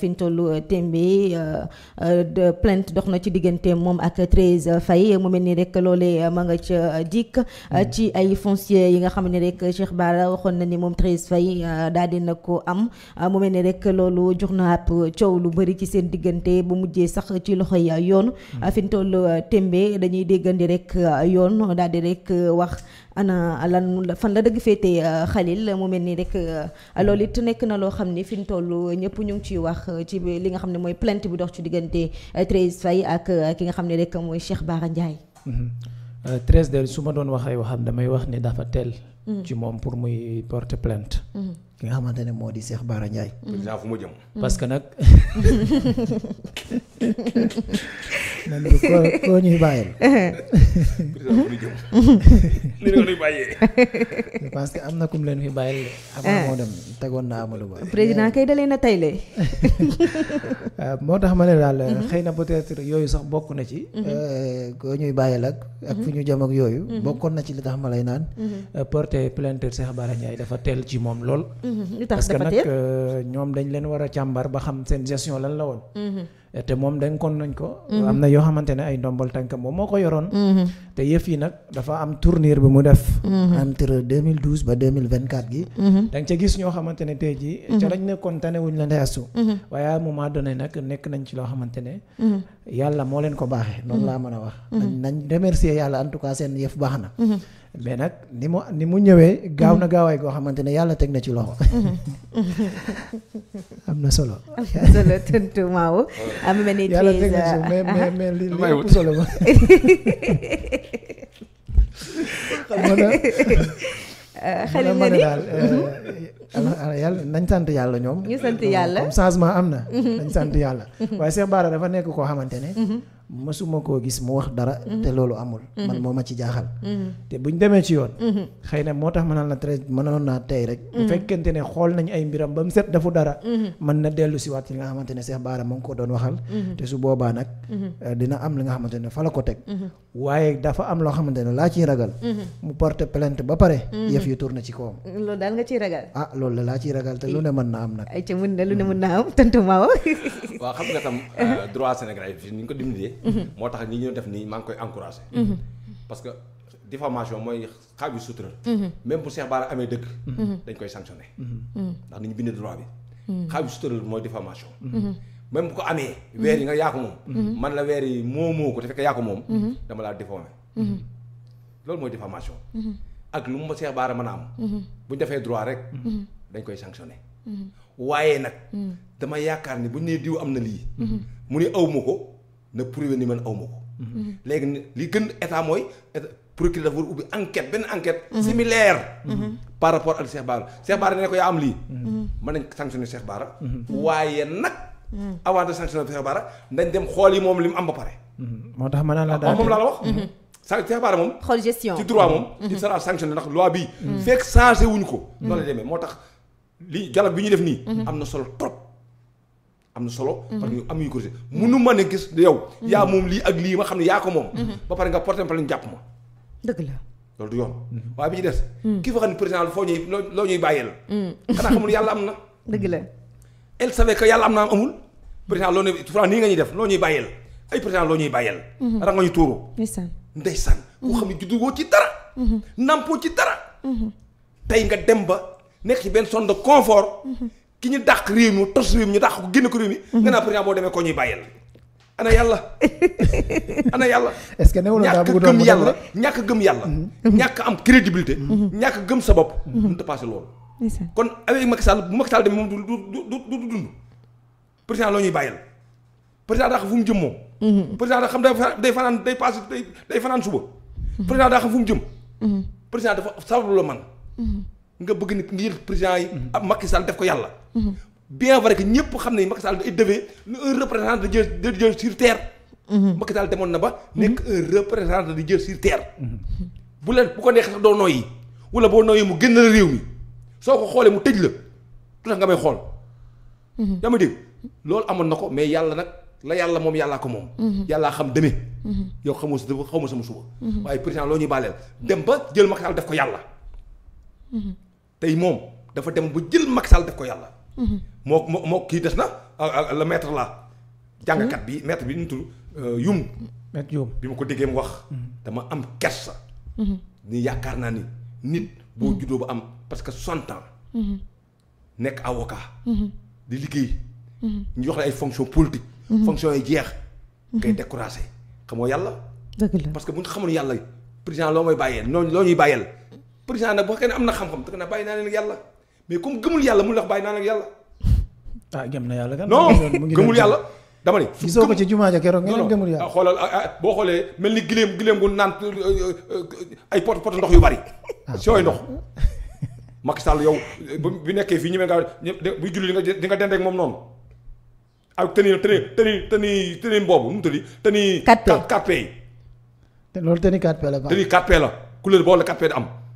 fi ñu toll euh, tembe euh, euh, de plainte dox na ci diggante moom ak Thérèse fay mu mel ni rek loolee ma nga ca dikk mm. ci ay foncier yi nga xam ne rek Cheikh Bara waxoon na ni moom Thérèse Faye daal di na ko am mu mel ni rek loolu jox na ab coow lu bëri ci seen diggante bu mujjee sax ci loxo yi yoon mm. fi ñu dañuy déggandi rek yoon daal di rek wax ana lan la fan la dëgg féetee xalil euh, mu mel nii rek euh, lool it nekk na loo xam ni fi mu toll ñëpp ñu ngi ciy wax euh, ci li nga xam ne mooy plainte bi dox ci diggante Thérèse Faye ak ki nga xam ne rek mooy Cheikh Bara Ndiaye. Mm-hmm. Euh, treize heures su ma doon wax ay waxam damay wax ni dafa teel. Mm. ci moom pour muy porter plainte. Mm-hmm. ki nga xamante ne moo di Cheikh Bara Ndiaye. Mm-hmm. président fu mu jëm. Mm-hmm. parce que nag. man de koo koo ñuy bàyyil. président am na kum leen fi bàyyil. avant ah. moo dem tegoon na Amadou Ba. président kay dalee na tey moo tax ma ne daal. xëy na peut yooyu sax bokk na ci. Euh, koo ñuy bàyyil ak. ak fu ñu jëm ak yooyu. Mm-hmm. bokkoon na ci li tax ma lay naan. Mm-hmm. Euh, porté plainte Cheikh Bara Ndiaye dafa teel ci moom lool. Mm-hmm. li nag euh, ñoom dañ leen war a càmbar ba xam seen gestion lan la woon. te moom dénkoon nañ ko. Mm-hmm. am na yoo xamante ne ay ndombal tànk moom moo ko yoroon. Mm-hmm. te yëf yi nag dafa am tournir bi mu def. Mm-hmm. entre 2012 ba 2024 gi. da ca gis ñoo xamante ne tey ca lañ nekkoon tane la ndey astu. waaye à un moment donné nag nekk nañ ci loo xamante ne. yàlla moo leen ko baaxee. noonu laa mën a wax. nañ remercier yàlla en seen yëf baax na. mais nag ni mu ni mu ñëwee gaaw na mm-hmm. gaawaay goo xamante ne yàlla teg na ci loxo mm-hmm. am na solo am na ah. solo tontu Maodo am na nañ sant yàlla ñoom ñu sant yàlla comme changement am na mm-hmm. nañ sant yàlla waaye Cheikh Bara dafa nekk koo xamante mësuma koo gis mu wax dara. Mhm. te loolu amul. Mhm. man moo a ci jaaxal. Mhm. te bu ñu demee ci yoon. xëy na moo tax mënal na très mënoon naa tey rek. bu ba mu set dafu dara. mën na dellu si waat li nga xamante ne Cheikh Bara mu ngi ko doon waxal. te su boobaa nag. Euh, dina am li nga xamante ne fa la ko teg. waaye dafa am loo xamante ne laa ciy ragal. mu porte plainte ba pare. yëf yu tourné ci kawam. loolu daal nga ciy ragal. ah loolu la laa ciy ragal te lu ne mën na am nag. ay ca mën na lu ne mën na am tontu Maodo. waaw xam nga tam euh, droit sénégalais fi ñu ko dimbalee liggéey. Mm-hmm. moo tax ni ñu def nii maa ngi koy encouragé. Mm-hmm. parce que diffamation mooy xaaju sutura. Mm-hmm. même bu Cheikh a amee dëkk. dañ koy sanctionné. ndax ni ñu bind droit bi. xaaju sutura mooy diffamation. même bu ko amee. weer yi nga yaa ko moom. man la weer yi moomoo ko te fekk yaa moom. dama laa diffamé. loolu mooy diffamation. ak lu mu ma Cheikh Bara mën a am. bu ñu defee droit rek. dañ koy sanctionné. waaye nag. dama yaakaar ni bu ñu nee diw am na na prouver ni man aw mhm. li gën état mooy procureur dafa war ubbi enquête benn mhm. Mhm. par rapport ak Cheikh Bara Cheikh Bara ne ko yaa am lii. mën nañ sanctionner Cheikh Bara. waaye nag. avant de sanctionner Cheikh Bara xool yi moom li am ba pare. moo tax ma naan la daal ah, moom laa la wax. sa Cheikh Bara moom. xool gestion ci droit moom. il sera sanctionné ndax loi bii. fekk changé wuñ ko. loolu la demee moo tax li dialogue bi ñu def nii. am na solo trop. am na solo. Mhm. parce que ko mënu ma ne gis yow. Mhm. yaa moom lii ak lii ma xam ne yaa ko moom. Mhm. ba pare nga porté plainte jàpp ma. dëgg la. loolu du yoon. waaye bi ci des. kii fa xam ne président foo ñuy loo xanaa xamul yàlla am na. dëgg la. elle savait que yàlla am na amul. président loo ne Fra nii nga ñuy def loo ñuy bàyyee la président loo ñuy bàyyee la. rang nga ñu tuuru. ndeysaan ndeysaan. koo xam ne juddu woo ci dara. nampoo ci dara. tey nga dem ba nekk ci benn zone de confort. ki ñu dàq réew mi tos réew mi ñu dàq ko génn ko réew mi. Mhm. nga naa président boo demee koo ñuy bàyyil. ana yàlla ana yàlla. est-ce que newul daa bëgg doon yàlla ñàkk gëm yàlla. Mhm. ñàkk am crédibilité. Mhm. ñàkk gëm sa bopp. mënut a passé loolu. kon avec Macky Sall bu Macky Sall demee moom du du du du dund. ñuy bàyyil président daa xam fu mu jëm moom. président daa xam day fanaan day passé day fanaan suba. président daa xam fu mu jëm. président dafa la man. nga bëgg nit ngir président yi. Ah, Macky Sall def ko yàlla. bien vrai que ñëpp xam ne de Dieu de Dieu sur terre. Macky Sall na ba. nekk un bu leen bu ko neexee sax doo noyyi wala boo noyyi mu génn la réew mi soo mu tëj la lu tax nga may xool. dama dégg na ko mais yàlla la yàlla moom yàllaa ko moom. yàllaa xam demee. yow xamoo sa xaw ma sama suba. Uhuh. waaye président loo ñuy bàlleel jël Macky def ko yàlla. tey moom dafa dem ba jël Macky Sall def ko yàlla. Mhm. moo moo moo kii des na ah, ah, le maître la jàngkat bi mhm. maître bi ñu tudd euh, Youm. maître Youm bi ma ko déggee mu wax. Mhm. dama am kersa. ni yaakaar naa ni nit boo juddoo ba am parce que soixante ans. nekk awoka di liggéey. ñu jox la ay fonction politique. fonction yi jeex. ngay découragé xamoo yàlla. dëgg la parce que bu ñu xamoon yàlla président loo may bàyyeel noonu loo ñuy bàyyeel. président nag bu fekkee ne am na xam-xam te na bàyyi naa leen ak yàlla mais comme gëmul yàlla mu wax bàyyi naa leen ak yàlla. ah gëm na yàlla kan. non gëmul yàlla dama ne. gisoo ko ci jumaa ja keroog ngeen gëmul yàlla. Ah, xoolal ah, ah, boo xoolee mel ni gileem gileem gu naan euh, euh, euh, ay pot pot ndox yu bari. sooy ndox. Macky Sall yow bu nekkee fii ñemee nga bu julli di nga di nga dend ak moom noonu ak tëni tëni tëni tëni tëni boobu mu tëddi tëni. 4P 4 te loolu tëni 4P la. tëni 4P la la 4P am.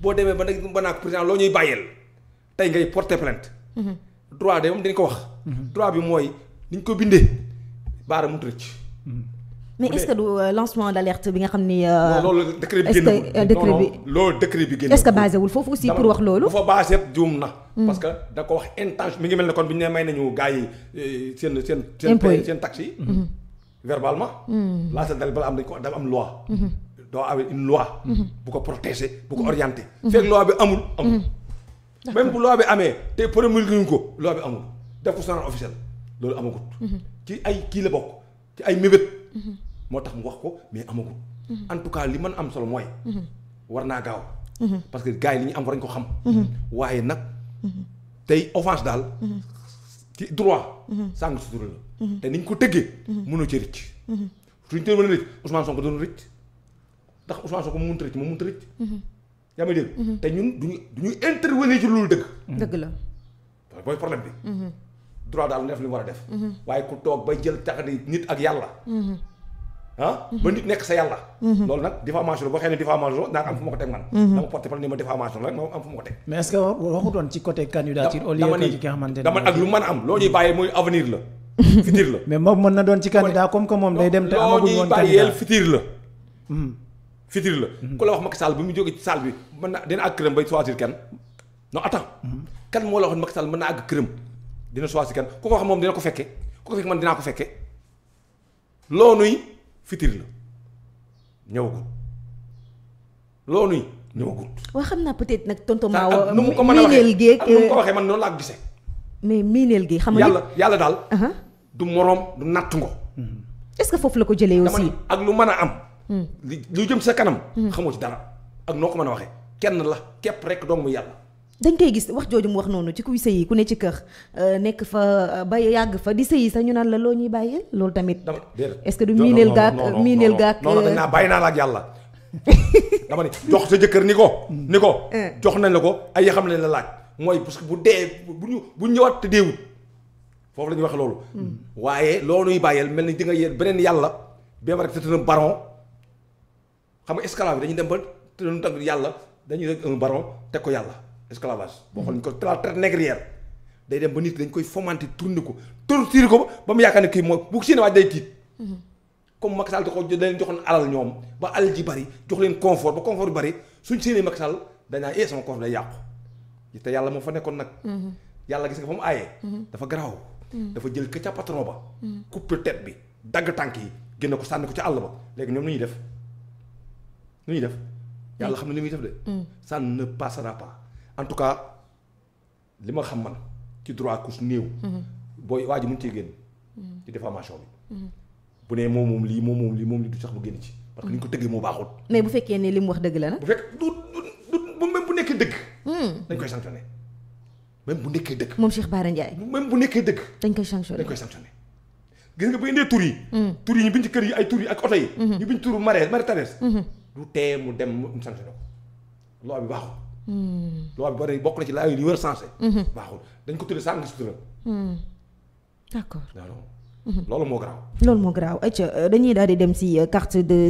boo demee ba nag ba naag président loo ñuy bàyyeel tey ngay porter plainte. Mhm. droit dañ ko wax. Mhm. droit bi mooy ni ñu ko bindee baara mënut rëcc. Mhm. mais est du euh, lancement d'alerte bi nga xam ni. Euh, loolu décret bi génn est euh, bi loolu décret bi génn est-ce que basé wul foofu aussi pour wax loolu. dafa basé na. parce que da ko wax intention mi ngi mel ne kon bi ñu may nañu gars yi seen seen. seen taxi. verbalement. lancé d'alerte bala am dañ ko dafa am loi. doo awee une loi. Mhm. bu ko protéger bu ko mhm. orienter. Mhm. fekk loi bi amul amul. même bu loi bi amee te promulgué ñu ko loi bi amul def ko journal officiel loolu amagut. ci ay kii la bokk ci ay mébét. moo tax mu wax ko mais amagut. en tout cas li mën am solo mooy. war naa gaaw. parce que gars yi li ñu am war nañ ko xam. waaye nag tey offense daal. ci droit. sàng sutura la. te niñ ko tëggee. mënoo ci rëcc. suñ teel mën a rëcc Ousmane Sonko doon rëcc. ndax Ousmane Sonko mu mënut rëcc moom mënut rëcc. yaa may dégg. Mhm. te ñun du ñu du ñu intervenir ci loolu dëgg. Mhm. dëgg la. booy problème bi. Mhm. droit daal def li mu war a def. waaye ku toog ba jël tax nit ak ah? am fu ma ko teg man. dama porté plainte ni ma diffamation rek ma am fu ma ko teg. mais est-ce que ci côté candidature au lieu que ci nga xamante ne ak lu mën a am loo ñuy bàyyee mooy avenir la. fitir la. fitir la. Mhm. ku la wax Macky Sall bi mu jógee ci salle bi mën na dina àgg këram bay choisir kenn non attends. Mhm. kan moo la waxoon Macky Sall mën na àgg këram dina choisir kenn ku ko wax moom dina ko fekke ku ko fekk man dinaa ko fekke loonuy fitir la ñëwagul loonuy ñëwagul. waaw xam naa peut-être nag tonton Maowa. nu mu ko mën a waxee nu mu ko euh, waxee man noonu laa ko gisee. mais miineel gi xam nga yàlla yàlla daal. Uh-huh. du moroom du natt ngo. est-ce que foofu la ko jëlee ak lu mën a am. li lu jëm sa kanam. xamoo ci dara ak noo ko mën a waxee kenn la képp rek dong mu yàlla. dañ koy gis wax jooju mu wax noonu ci kuy sëyi ku ne ci kër euh, nekk fa euh, ba yàgg fa di sëyi sax ñu naan la loo ñuy bàyyee loolu tamit. est-ce que du miineel gaak miineel gaak. non non euh, dañ naa bàyyi jox sa jëkkër ni ko. ni jox nañ la ko ay xam ne la laaj mooy parce que bu dee bu ñu bu ñëwaat te deewut foofu la ñuy wax loolu. Mm. waaye loolu ñuy bàyyeel mel ni di nga yéen beneen yàlla. bien ba que c'est un baron. xam nga esclavage dañuy dem ba lu tag yàlla dañuy rek un baron teg ko yàlla esclavage boo xool ñu ko la traite négrière day dem ba nit dañ koy fomenter tourner ko torturer ko ba mu yaakaar ne kii moo bu seen waaj day tiit comme Macky da ko da leen joxoon ba alal ji bari jox dañaa ee eh, sama confort day yàqu te yàlla moo fa nekkoon nag yàlla gis nga fa mu aayee dafa garaaw dafa jël ka ca patron ba mm. couper tête bi dagg tànk yi génne ko sànni ko ca àll ba léegi ñoom lu def nu ñuy def yàlla xam ne li muy def de. Mm. ça ne passera pas en tout cas li ma xam man ci droit couche néew. Mm-hmm. booy waa ji mën cee génn. Mm-hmm. ci diffamation bi. Mm-hmm. bu nee moom moom lii moom moom lii moom lii du sax bu génn ci. parce que ni ñu ko tëggee moo baaxul. mais bu fekkee ne li mu wax dëgg la nag. bu fekk du du du même bu nekkee dëgg. Mm. dañ koy sanctionné même bu nekkee dëgg. moom Cheikh Bara Ndiaye. bu nekkee dëgg. dañ koy sanctionné dañ nga bu indee tur yi. Mm. yi ñu du tee mu dem mu sanctionné ko loi bi baaxul. Hmm. loi bi bari bokk na ci laa yu li war a sensé. Hmm. baaxul dañ ko tuddee sànq si turam. Hmm. d' accord loolu moo garaaw. loolu moo garaaw ayca euh, dañuy daal dem si carte euh, de.